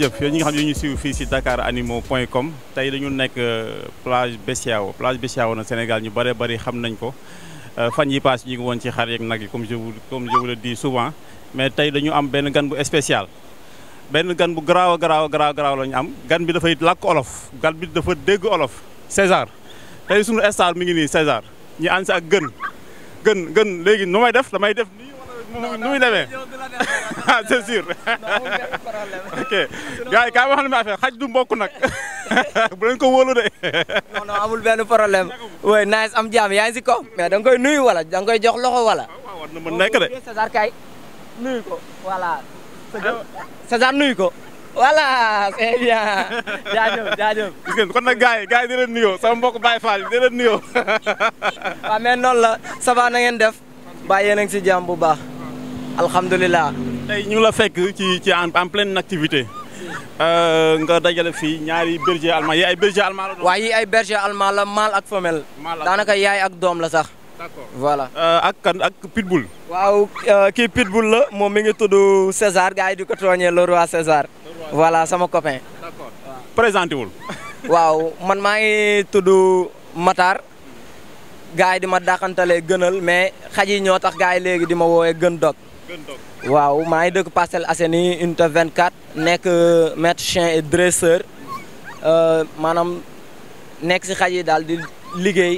jërëjëf yéen ñi nga xam ne ñu siiw fii si Dakar animaux point com tey dañu nekk euh, plage Bessiao plage Bessiao na Sénégal ñu bëree bëri xam nañ ko euh, fan yi paas ñu ngi woon ci xar yeeg nag yi comme je vous comme souvent mais tey dañu am benn gan bu spécial benn gan bu garaaw garaaw garaaw garaaw la ñu am gan bi dafay làkk olof gan bi dafa dégg olof César tey suñu star mi ngi nii César ñi ànd si ak gën gën gën léegi nu may def damay def nu muy demee ah c'est sûr ok gars yi kaay ma xam ne affaire xaj du mbokk nag bu leen ko wóolu de. benn problème oui nice am jaam yaa si kaw mais nga koy nuyu wala da nga koy jox loxo wala. Ah, waaw war na mën nekk de. César nuyu ko voilà. César ko. voilà c'est bien jaajëf jaajëf. gis ngeen kon nag gars yi gars yi di leen nuyoo sama mbokk Baye Fall di leen nuyoo. waaw mais noonu la ça va ngeen def. bàyyi yéen a ngi si jàmm bu baax. alhamdulilah. tey ñu la fekk ci ci en pleine activité. Euh, nga dajale fii ñaari berger allemand yi ay berger allemand la. waaw ay berger allemand la mâle ak femelle. daanaka yaay ak doom la sax. voilà. Euh, ak kan ak pitbull. waaw euh, kii pitbull la moom mi ngi tudd César gars yi di ko tooñee le roi César. voilà sama copain. d'accord wul. waaw man maa ngi tudd Matar. gars yi di ma dàqantalee gënal mais xaj yi ñoo tax gars yi léegi di ma woowee gën dog waaw maa ngi dëkk Parcelles Assainies unité 24 nekk maître chien et dresseur euh, maanaam nekk si xaj yi daal di liggéey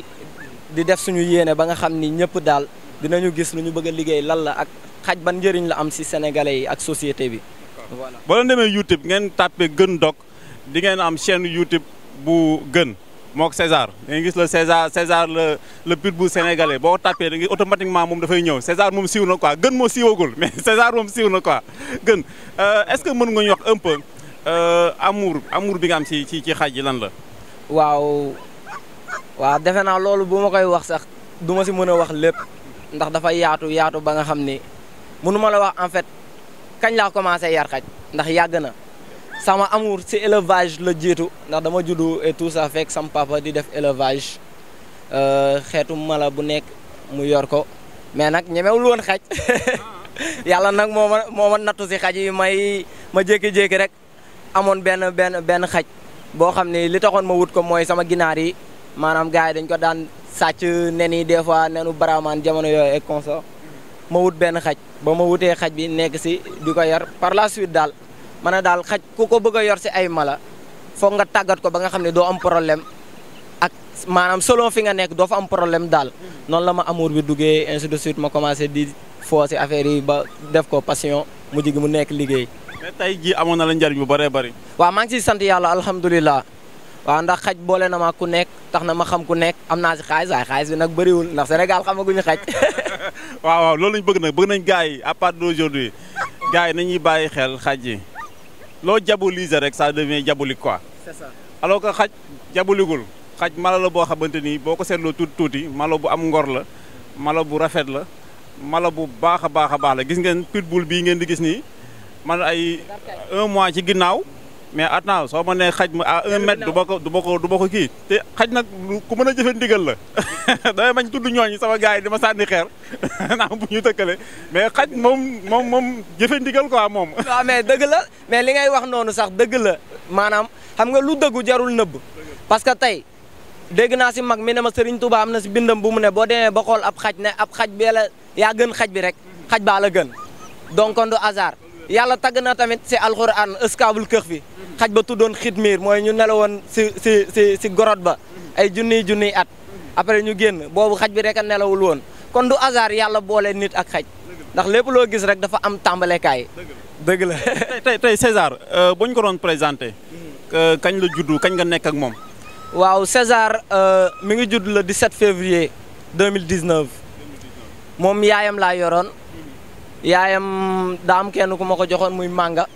di def suñu yéene ba nga xam ni ñëpp daal dinañu gis nu ñu bëgg liggéey lan la ak xaj ban njëriñ la am si sénégalais yi ak société bi. voilà boo leen YouTube ngeen tàppee gën Ndokh di ngeen am chaîne YouTube bu gën mook César da ngay gis la César César le le pitbull sénégalais boo tapé da ngay automatiquement moom dafay ñëw César moom siiw na quoi gën moo siiwagul mais César moom siiw na quoi gën euh, est-ce que mën nga wax un peu euh, amour amour bi nga am ci ci ci xaj yi lan la. waaw waaw defe naa loolu bu ma koy wax sax duma si mën a wax lépp ndax dafa yaatu yaatu ba nga xam ni mënu la wax en fait kañ laa commencé yar xaj ndax yàgg na. sama amour si élevage le djitu ndax dama djudu et tout ça fait sama papa di def élevage euh, xétu mala bu nek mu yor ko mais nak ñemewul won xaj yalla nak moma moma natou ci bena xaj yi may ma jéki jéki rek amone ben ben ben xaj bo xamné li taxone ma wut ko moy sama ginari, yi manam gaay dañ ko daan sacc nen des fois nenu braman jamono yoy et consort ma wut ben xaj ba ma xaj bi nek si diko yar par la suite dal ma ne daal xaj ku ko bëgg a yor si ay mala foog nga tàggat ko ba nga xam ne doo am problème ak maanaam selon fi nga nekk doo fa am problème daal noonu la ma amour bi duggee ainsi de suite ma commencé di foo si affaire yi ba def ko passion mu gi mu nekk liggéey. mais tey jii amoon na la njariñ bu bëree bari waa maa ngi siy sant yàlla alhamdulilah waa ndax xaj boole na maa ku nekk tax na ma xam ku nekk am naa si xaalis waaye xaalis bi nag bëriwul ndax Sénégal xamaguñu xaj. waaw loolu lañ bëgg nag bëgg nañ gars yi à part d'aujourd'hui gars yi nañuy bàyyi xel xaj lo diaboliser rek ça devient diabolique quoi. c'est ça alors que xaj diaboligul xaj mala la boo xamante ni boo ko seetloo mala bu am ngor la mala bu rafet la mala bu baax a baax la gis ngeen pitbull bi ngeen di gis ni man ay 1 mois ci ginnaw mais naaw soo ma ne xaj ma à un mètre du ma ko du ma ko du ma ko kii te xaj nag ku mën a jëfe ndigal la damay mañ tudd ñooñu sama gars yi di ma sànni xeer naam bu ñu tëkkale mais xaj moom moom moom jëfe ko quoi moom. waaw mais dëgg la mais li ngay wax noonu sax dëgg la maanaam xam nga lu dëggu jarul nëbb parce que tey dégg naa si mag mi ne ma Serigne Touba am na si bindam bu mu ne boo demee ba xool ab xaj ne ab xaj bee la yaa gën xaj bi rek xaj baa la gën donc kon yàlla tagg na tamit si alxuraan askaabul këx fi xaj ba tuddoon xitmiir mooy ñu nelawoon si si si ba ay junniy junniy at après ñu génn boobu xaj bi rek a nelawul woon kon du hasard yàlla boole nit ak xaj ndax lépp loo gis rek dafa am kaay dëgg la tey tey César euh, bu ñu ko doon présenté. Hmm. Euh, kañ la juddu kañ ga nekk ak moom. waaw César euh, mu ngi judd la le 17 février 2019 moom yaayam laa yoroon. yaayam daam kenn ku ma ko joxoon muy mànga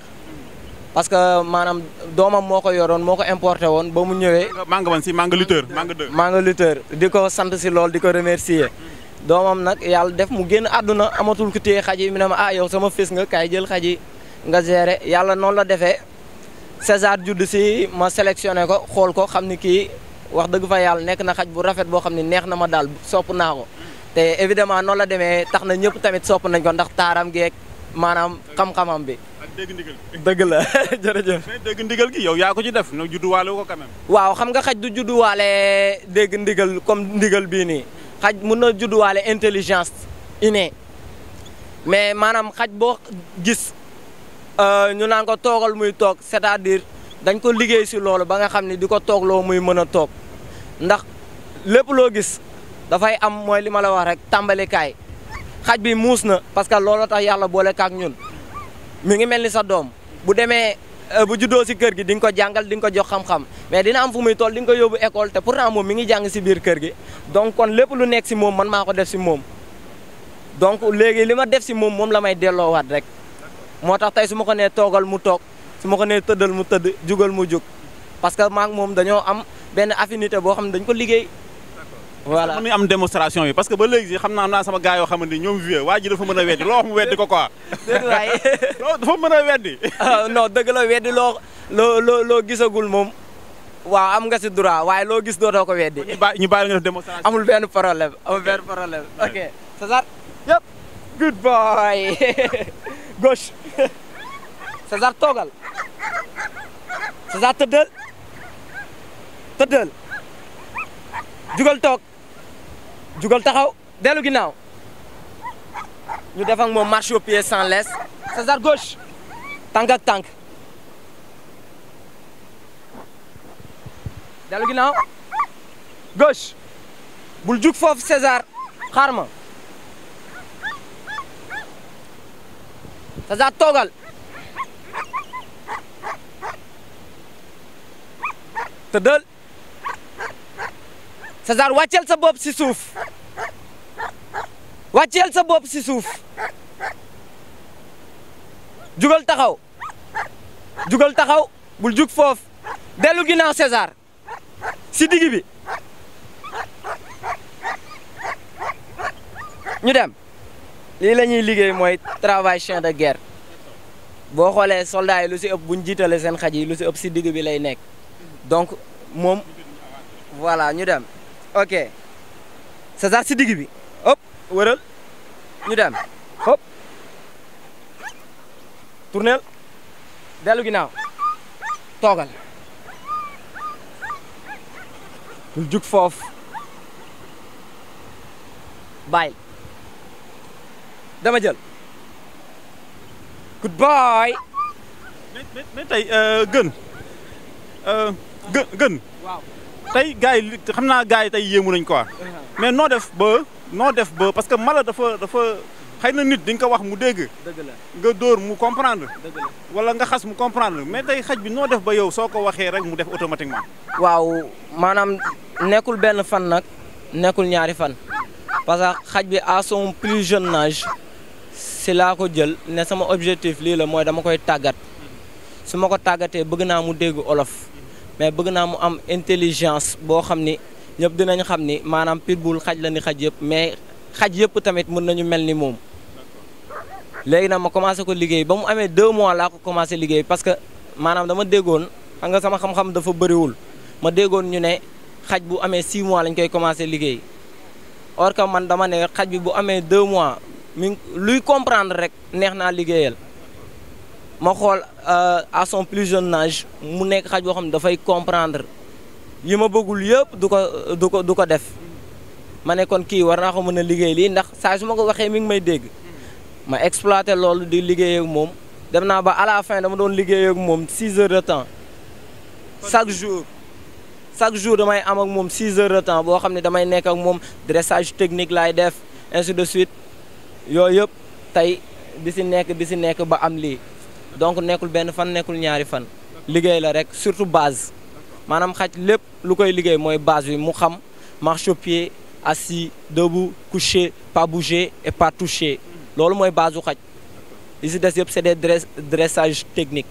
parce que maanaam doomam moo ko yoroon moo ko importé woon ba mu ñëwee. mànga man si mànga lutteur mànga deux. mànga lutteur di ko sant si lool di ko remercier doomam nag yàlla def mu génn àdduna amatul ku téye xaj yi mu ne ma ah yow sama fils nga kaay jël xaj nga géré yàlla noonu la defee César judd si ma sélectionné ko xool ko xam ni kii wax dëgg fa yàlla nekk na xaj bu rafet boo xam ne neex na ma daal sopp naa ko. te évidemment noonu la demee tax na ñëpp tamit sopp nañ ko ndax taaram geeg maanaam xam-xamam bi. ak ndigal dëgg la jërëjëf. ndigal gi yow yaa ko ci def nag judduwaale ko quand waaw xam nga xaj du judduwaale dégg ndigal comme ndigal bii nii xaj mun na judduwaale intelligence innée mais maanaam xaj boo gis euh, ñu naan ko toogal muy toog c'est-à-dire dañ ko liggéey si loolu ba nga xam ne di ko toogloo muy mën a toog ndax loo gis. dafay am mooy li ma la wax rek tàmbalikaay xaj bi muus na parce que looloo tax yàlla boole kaak ñun mi ngi mel ni sa doom bu demee euh, bu juddoo si kër gi di nga ko jàngal di nga ko jox xam-xam mais dina am fu muy toll di nga ko yóbbu école te pourtant moom mi ngi jàng si biir kër gi donc kon lépp lu nekk si moom man maa ko def si moom donc léegi li ma def si moom moom la may delloowaat rek moo tax tey su ma ko nee toogal mu toog su ma ko nee tëddal mu tëdd jugal mu jug parce que maak moom dañoo am benn affinité boo xam ne dañ ko liggéey voilà mën nañu am démonstration bi parce que ba léegi xam naa am naa sama gars yoo xamante ni ñoom vieux waa ji dafa mën a weddi loo wax weddi ko quoi. dafa mën a weddi. Ah, non dëgg weddi loo gisagul moom waaw am nga si droit waaye loo gis dootoo ko weddi. ñu bàyyi ñu nga def amul benn problème amul benn problème ok César yëpp good boy gauche César toogal jugal toog. jugal taxaw dellu ginnaaw ñu def ak moom marché au pied sans laisse César gauche tànk ak tànk dellu ginnaaw gauche bul jug foofu César xaar ma César toogal tëddal César wàccel sa bopp si suuf wàcceel sa bopp si suuf jugal taxaw jugal taxaw bul jug foofu dellu ginnaaw César si digg bi ñu dem lii la ñuy liggéey mooy travail chien de guerre boo xoolee soldats yi lu si ëpp buñ jiitale seen xaj yi lu si ëpp si digg bi lay nekk donc moom voilà ñu dem ok César si digg bi wëral ñu dem hop tournel dellu ginnaaw toogal bul jug foofu bàyyil dama jël goodbye mais mais tey euh, gën euh, gën gën. waaw tey gars xam naa gars yi tey yéemu nañ quoi. Uh-huh. mais noo def ba. noo def ba parce que mala dafa dafa xëy na nit di nga ko wax mu dégg. nga dóor mu comprendre. wala nga xas mu comprendre mais tey xaj bi noo def ba yow soo ko waxee rek mu def automatiquement. waaw maanaam nekkul benn fan nag nekkul ñaari fan parce que xaj bi à son plus jeune nage si laa ko jël ne sama objectif lii la mooy dama koy tàggat su ma ko tàggatee bëgg naa mu dégg olof mais bëgg naa mu am intelligence boo xam ni. ñëpp dinañ xam ni maanaam pitbull xaj la ni xaj yëpp mais xaj yëpp tamit mën nañu mel ni moom. léegi nag ma commencé ko liggéey ba mu amee deux mois laa ko commencé liggéey parce que maanaam dama déggoon xam sama xam dafa bëriwul ma déggoon ñu ne xaj bu amee six mois lañ koy commencé liggéey or que man dama ne xaj bi bu amee deux mois mi luy comprendre rek neex naa liggéeyal. ma xool euh, à son plus jeune mu nekk xaj boo xam ne dafay comprendre yi ma bëggul yëpp du ko du ko du ko def ma nekkoon kii war naa ko mën a liggéey lii ndax saa su ma ko waxee mi ngi may dégg ma exploité loolu di liggéey moom dem naa ba à la fin dama doon liggéey ak moom 6 heures de temps chaque jour chaque jour damay am ak moom 6 heures de temps boo xam ne damay nekk ak moom dressage technique laay def ainsi de suite yooyu yëpp tey di si nekk di si nekk ba am lii donc nekkul benn fan nekkul ñaari fan liggéey la rek surtout base. manam xaj lepp lu koy liggéey mooy base bi mu xam marche pied assis debout couché pas bouger et pas toucher loolu mooy base u xaj li si des yëpp c'est des dressage technique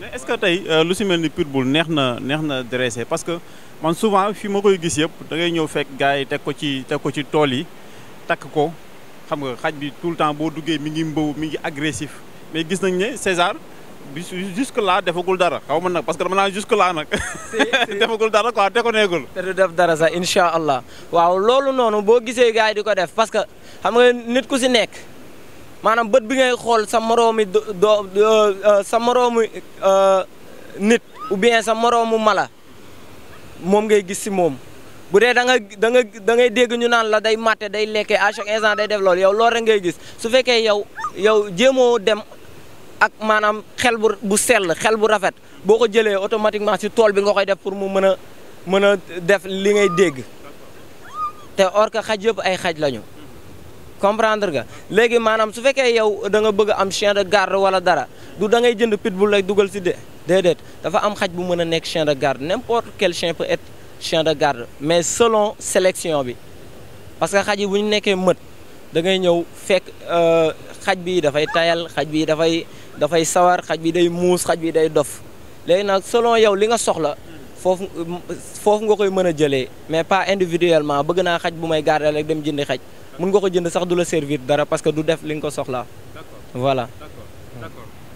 mais est-ce que tey euh, lu si mel ni pitbull neex na neex na dressé parce que man souvent fi ma koy gis yëpp da ngay ñëw fekk gars yi teg ko ci teg ko ci tool yi takk ko xam nga xaj bi tout le temps boo duggee mi ngi mbaw mi ngi agressif mais gis nañ ne César bis jusque là defagul dara xaw ma nag parce que dama naa jusque laa nag defagul dara a te ko neegul te du def dara sax incha allah waaw loolu noonu boo gisee gars di ko def parce que xam nga nit ku si nekk maanaam bët bi ngay xool sa moroomi doo euh, sa moroomi euh, nit ou sa moroomu mala moom ngay gis si moom bu dee da nga da nga da ngay dégg ñu naan la day matte day lekkee à chaque instant day def loolu yow loolu rek ngay gis su fekkee yow yow jéemoo dem ak manam xel bu bu sel xel bu rafet boko jele automatiquement ci tol bi nga koy def pour mu meuna meuna def li ngay deg te or ka xaj yeb ay xaj lañu comprendre nga léegi manam su fekke yow da nga bëgg am chien de garde wala dara du da ngay jënd pitbull lay dugal ci dé dédét dafa am xaj bu meuna nek chien de garde n'importe quel chien peut être chien de garde mais selon sélection bi parce que xaj yi bu ñu nekké meut da ngay ñëw fekk euh, xaj bi fay tayal xaj bi fay dafay sawar xaj bi day muus xaj bi day dof léegi nag solon yow li nga soxla foofu foofu nga koy mën a jëlee mais pas individuellement bëgg naa xaj bu may garder rek dem jëndi xaj mun nga ko jënd sax du la servir dara parce que du def li nga ko soxlaa voilà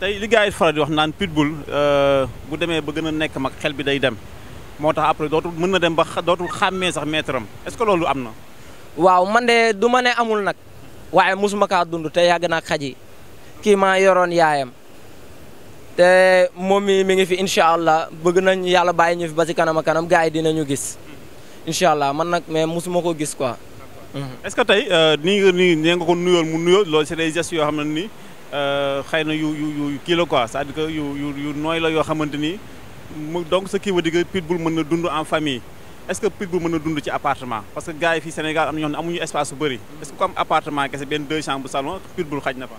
tey li gars yi faral di wax naan pitbull euh, bu demee ba gën a nekk mag xel bi day dem moo tax après dootul mën na dem ba dootul xàmmee sax maître am est-ce que loolu am na waaw man de du ma ne amul nag waaye mosuma kaa dund te yàgg naa xaj yi kii maa yoroon yaayam te moom mi mi ngi fi incha allah bëgg nañ yàlla bàyyi ñu fi ba si kanam kanam gars yi dinañu gis incha allah man nag mais mosuma ko gis quoi. est-ce que tey euh, nii nga nii nee nga ko nuyool mu nuyoo loolu c'est des yoo xam ne nii euh, xëy na yu kii la quoi sa à dire yu nooy la yoo xamante ni mu donc ce qui veut dire que pitbull mën na dund en famille est pitbull mën na dund ci appartement parce que gars yi fii Sénégal am na ñoo xam ne amuñu espace bu bëri est-ce na fa.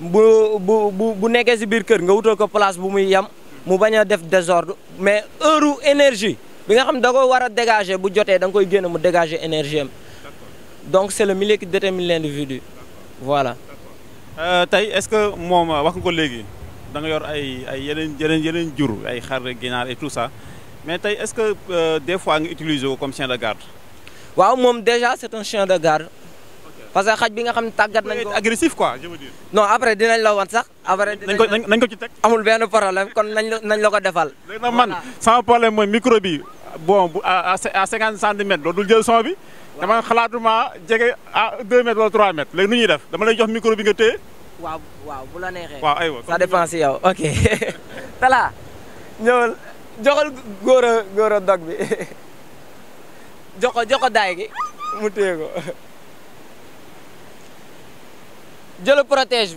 bu bu bu bu nekkee si biir kër nga wutal ko place bu muy yem mu bañ def désordre mais heure énergie bi nga xam da ko war dégager bu jotee da nga koy génn mu dégager énergie donc c'est le milieu qui détermine l'individu, individu voilà. Euh, tey est ce que moom wax nga ko léegi da yor ay ay yeneen yeneen yeneen jur ay xar ginaar et tout ça mais tey est ce que euh, des fois nga utiliser comme chien de garde. waaw moom déjà c'est un chien de garde. parce que xaj bi nga xam ne tàggat nañ ko agressif quoi je veux dire. après dinañ la wan sax après. nañ ko nañ ko ci teg. amul benn problème kon nañ la ko defal. léegi nag man sama problème mooy micro bi bon bu à à cinquante centimètres dootul jël son bi. dama xalaatuma jege à deux mètres wala trois mètres léegi nu ñuy def dama lay jox micro bi nga téye. waaw la neexee. ok. Talla ñëwal joxal a dog bi jox ko jox ko Dieu le protège.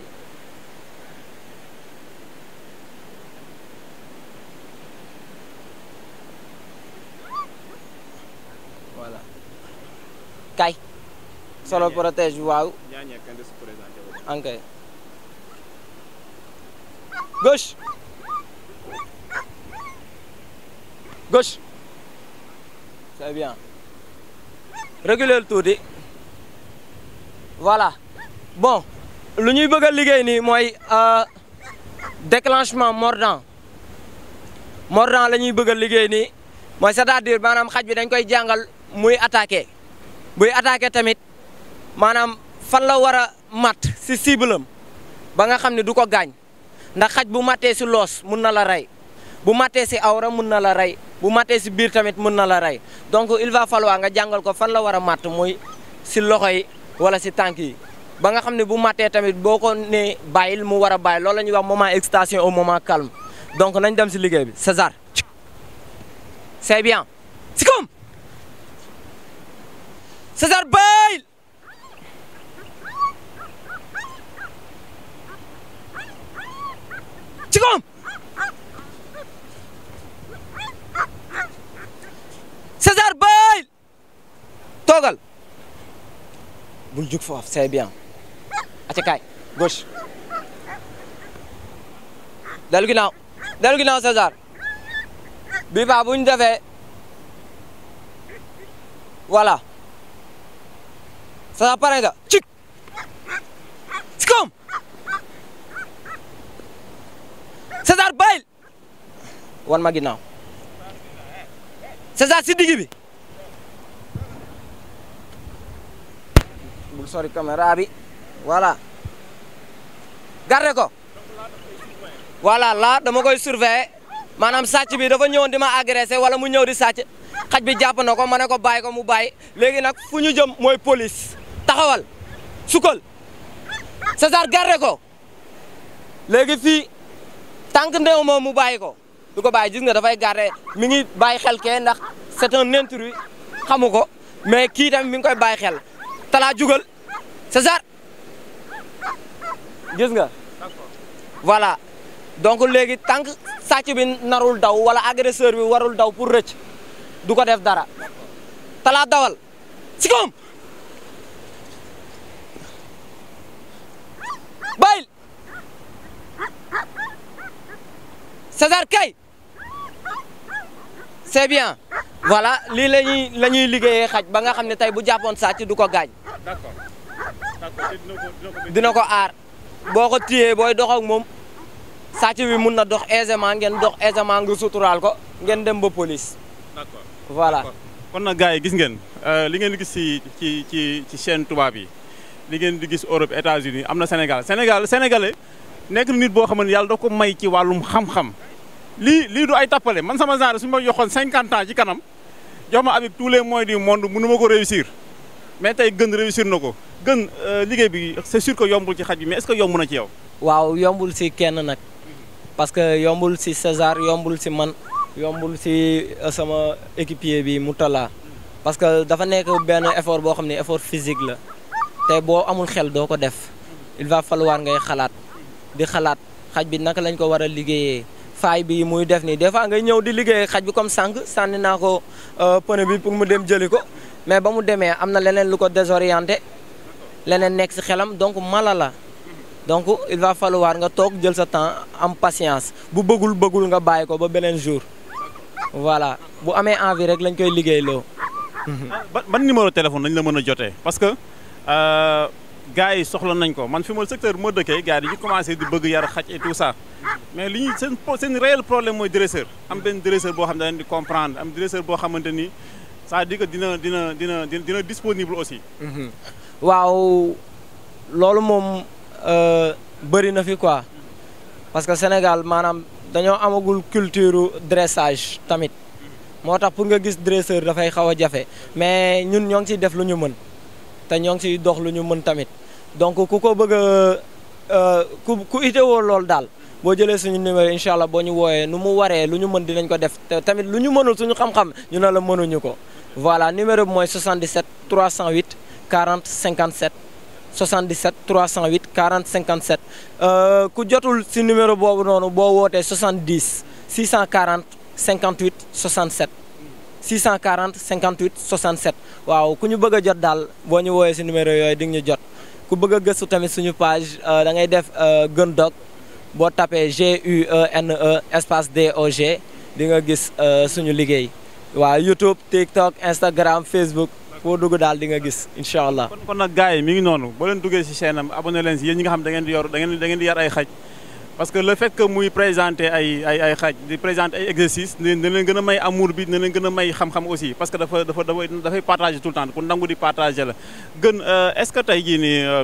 Voilà. Kai. Ça le protège, waouh. Ok. Gauche. Gauche. Très bien. Régulez le tour. Voilà. Bon. lu ñuy bëgg a ni moy euh déclenchement mordant mordant lañuy bëgg a liggéey nii mooy c'est-à-dire manam xaj bi dañ koy jangal muy attaquer buy attaquer tamit manam fan la wara mat sisi cible am ba nga xamni ne du ko gaañ ndax xaj bu maté ci loss mën na la ray bu maté ci awra mën na la ray bu maté ci bir tamit mën na la ray donc il va falloir nga jangal ko fan la wara mat muy ci loxoy wala ci tanki ba nga xam ne bu mattee tamit boo ko nee bàyyil mu wara a bàyyi loolu la ñuy wax moment excitation au donc nañ dem si liggéey bi César c'est bien si kom César bàyyil ci kom César toogal bul jug foofu c'est bien acca kaay gauche dellu ginnaaw dellu ginnaaw César bi fa bu ñu defee voilà César pare nga cik si koom César wan ma ginnaaw César si digg bi voilà garde ko voilà là dama koy surveiller maanaam sàcc bi dafa ñëwoon di ma agressé wala mu ñëw di sàcc xaj bi jàpp na ko ma ne ko bàyyi ko mu bàyyi léegi nag fu ñu jëm mooy police taxawal sukkal César garde ko léegi fii tànk ndew moom mu bàyyi ko du ko bàyyi gis nga dafay garde mi ngi bàyyi xel kee ndax c'est un intrus xamu ko mais kii tamit mi ngi koy bàyyi xel talaa jugal César gis nga voilà donc léegi tant que sàcc bi narul daw wala agresseur bi warul daw pour rëcc du ko def dara talaa dawal si koom bàyyil César kay bien voilà lii la ñuy la ñuy liggéeyee xaj ba nga xam ne tey bu jàppoon sàcc du ko gaañ ko aar boo ko téyee booy dox ak moom sàcc bi mun na dox aisément ngeen dox aisément nga suturaal ko ngeen dem ba police. d'accord voilà. kon na gars yi gis ngeen euh, li ngeen di gis ci ci ci ci chaîne tubaab yi li ngeen di gis Europe États-Unis am na Sénégal Sénégal sénégalais nekk nit boo xam ne yàlla da ko may ci wàllum xam-xam lii lii du ay tappale man sama genre su ma joxoon cinquante ans ci kanam jox ma avec tous les moyens du monde mënu ma ko réussir. mais tu gën réussir nako gën euh, liguey bi c'est sûr que yombul ci xaj mais est-ce que yomb na ci yow. waaw yombul si kenn nak parce que yombul César yombul man yombul si euh, sama équipier bi Moutala parce que dafa nek effort bo effort physique la tay bo amul xel def il va falloir ngay xalat di xalat xaj bi lañ ko wara a fay bi muy def ni des fois ngay di comme sang euh, pour mu dem mais ba mu demee am na leneen lu ko désorienté leneen nekk si xelam donc mala la donc il va falloir nga toog jël sa temps am patience bu bëggul bëggul nga bàyyi ko ba beneen jour voilà bu amee envie rek lañ koy liggéeyloo. ban ni numéro téléphone lañ la mën a jotee parce que euh, gars yi soxla nañ ko man fi ma secteur moo dëkkee gars yi ñu commencé di bëgg yar xaj et tout ça mais li ñuy seen seen réel problème mooy dresseur am benn dresseur boo xam ne dañ di comprendre am dresseur boo xamante ni. c'est-à-dire dina dina dina dina disponible aussi. Mhm. waaw loolu moom euh, bëri na fi quoi parce que Sénégal maanaam dañoo amagul culture dressage tamit moo tax pour nga gis dresseur dafay xaw a jafe mais ñun ñoo ngi ciy def lu ñu mën te ñoo ngi ciy dox lu ñu mën tamit donc ku ko bëgg a euh, ku ku woo loolu daal. boo jëlee suñu numéro incha allah boo ñu wooyee nu mu waree lu ñu mën dinañ ko def te tamit lu ñu mënul suñu xam-xam ñu naa la mënuñu ko. voilà numéro est 77 308 40 57 77 308 40 57 ku jotul si numéro boobu bo 70 640 58 67 640 58 67 waaw ku ñu bëgg un jot daal boo ñu numéro. si numéro avez di vous jot ku bëgg a tamit suñu page euh, da ngay def euh, dog G U E N E espace D O G di gis euh, suñu waaw YouTube TikTok Instagram Facebook foo dugg daal di nga gis incha allah. kon kon nag yi mi ngi noonu boo leen duggee si chaîne am abonné leen si yéen ñi nga xam da ngeen di yar ay xaj parce que le fekk que muy présenter ay ay ay xaj di présenter ay exercice ne na leen gën a may amour bi na leen gën a may xam-xam aussi parce que dafa dafa dafay dafay partager tout le temps ku nangu di partager la gën euh, est-ce que tey jii nii euh,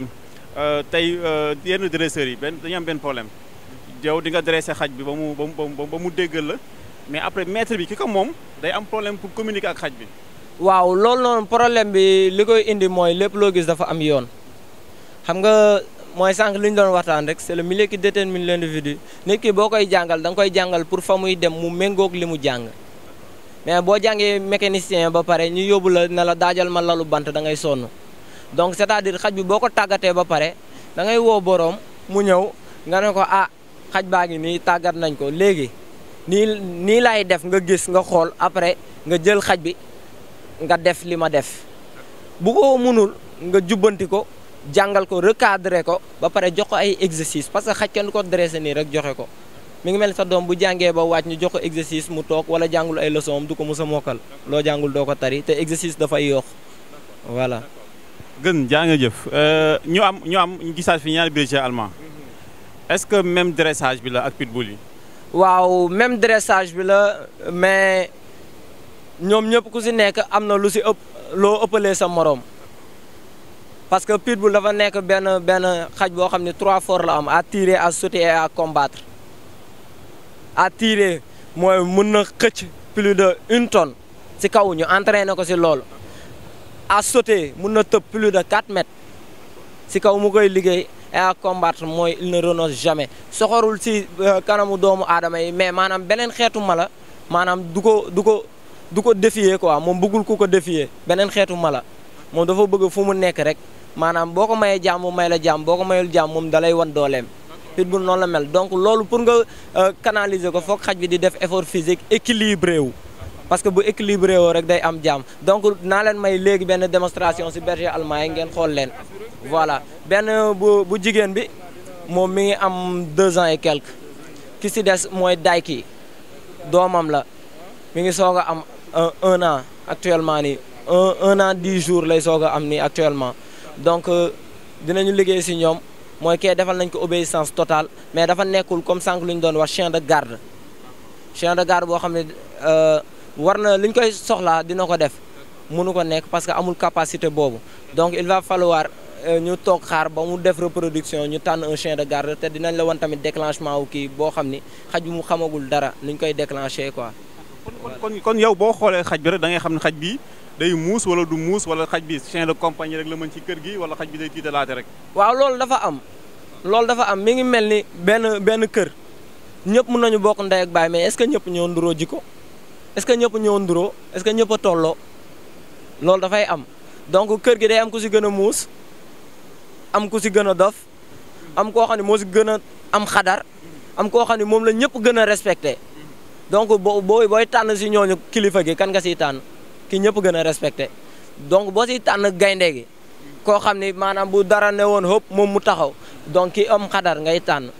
euh, tey yenn dresseurs yi benn dañu am benn problème yow di nga dresser xaj bi ba mu ba mu ba mu déggal la. mais après maître bi kiko mom day am problème pour communiquer ak xaj bi. waaw lool non problème bi likoy indi moy lepp lo gis dafa am yoon xam nga moy sànq liñ doon waxtaan rek c'est le milieu qui détermine l'individu nek ki bokay jangal dang koy jangal pour famuy dem mu mengok limu jang mais bo jangé mécanicien ba paré ñu yobul la na la dajal ma lalu bant da ngay sonu donc c'est-à-dire xaj bi boko ko ba paré da ngay wo borom mu ñew nga ne ko ah xaj baangi ni tagat nañ ko légui ni ni lay def nga gis nga xol après nga jël xajj bi nga def lima def bu ko mënul nga jubbanti ko jàngal ko recadrer ko ba paré jox ko ay exercice parce que xajj kenn ko dresser ni rek joxe ko mi ngi mel sa dom bu jangé ba wacc ñu jox ko exercice mu tok wala jangul ay leçon du ko mësa mokal lo jangul do ko tari te exercice fay yox voilà. gën jangé jëf euh ñu am ñu am ñu gisaat fi bi ci allemand est-ce que même dressage bi la ak pitbull waaw même dressage bi la mais ñoom ñëpp ku si nekk am na lu si ëpp loo ëppalee sa morom parce que pitbull dafa nekk benn benn xaj boo xam ne trois forces la am à tirer à sauter et à combattre à tirer mooy mën na xëcc plus de une tonne si kaw ñu entraîné ko si lool à sauter mën na tëb plus de quatre mètres si kaw mu koy liggéey. et à combattre mooy il ne renonce jamais soxorul si euh, kanamu doomu aadama yi mais maanaam beneen xeetu mala maanaam du ko du ko du ko défier quoi moom bëggul ku ko défier beneen xeetu mala moom dafa bëgg fu mu nekk rek maanaam boo ko mayee jàmm mu may la jàmm boo ko mayul jàmm moom dalay wan dooleem. pitbull noonu la mel donc loolu pour nga euh, canaliser ko foog xaj bi di def effort physique équilibré wu. parce que bu équilibré woo rek day am jàmm donc na len may légui ben démonstration ci berger allemand yi ngeen xol len voilà ben bu bu jigéen bi mom mi ngi am 2 ans et quelques ki ci dess moy dayki domam la mi ngi soga am 1 an actuellement ni 1 an 10 jours lay soga am ni actuellement donc euh, dinañu liggéey ci ñom moy ké defal nañ ko obéissance totale mais dafa nekkul comme sank luñ doon wax chien de garde chien de garde bo xam euh war na li ñu koy soxlaa dina ko def mënu ko nekk parce que amul capacité boobu donc il va falwaar euh, ñu toog xaar ba mu def reproduction ñu tànn un chien de garde te dinañ la wan tamit déclenchement wu kii boo xam ni xaj bi mu xamagul dara ni ñu koy déclenché quoi. kon kon yow boo xoolee xaj bi rek da ngay xam ne xaj bi day muus wala du muus wala xaj bi chien de compagnie rek la mën ci kër gi wala xaj bi day tiitalaate rek. waaw loolu dafa am loolu dafa am mi ngi mel ni benn benn kër ñëpp mën nañu bokk ndey ak baay mais est-ce que ñëpp ñoo nduroo jikko est-ce que ñëpp ñoo nduro est-ce que ñëpp a lool da fay am donc kër gi day am ku ci gëna am ku ci gëna dof am ko xamni mo ci gëna am xadar am ko xamni mom la ñëpp gëna respecté donc boy boy tan ci ñooñu kilifa gi kan nga ci tan ki ñëpp gëna respecté donc bo ci tan gaynde gi ko xamni manam bu dara ne hop mom mu taxaw donc ki am xadar ngay tan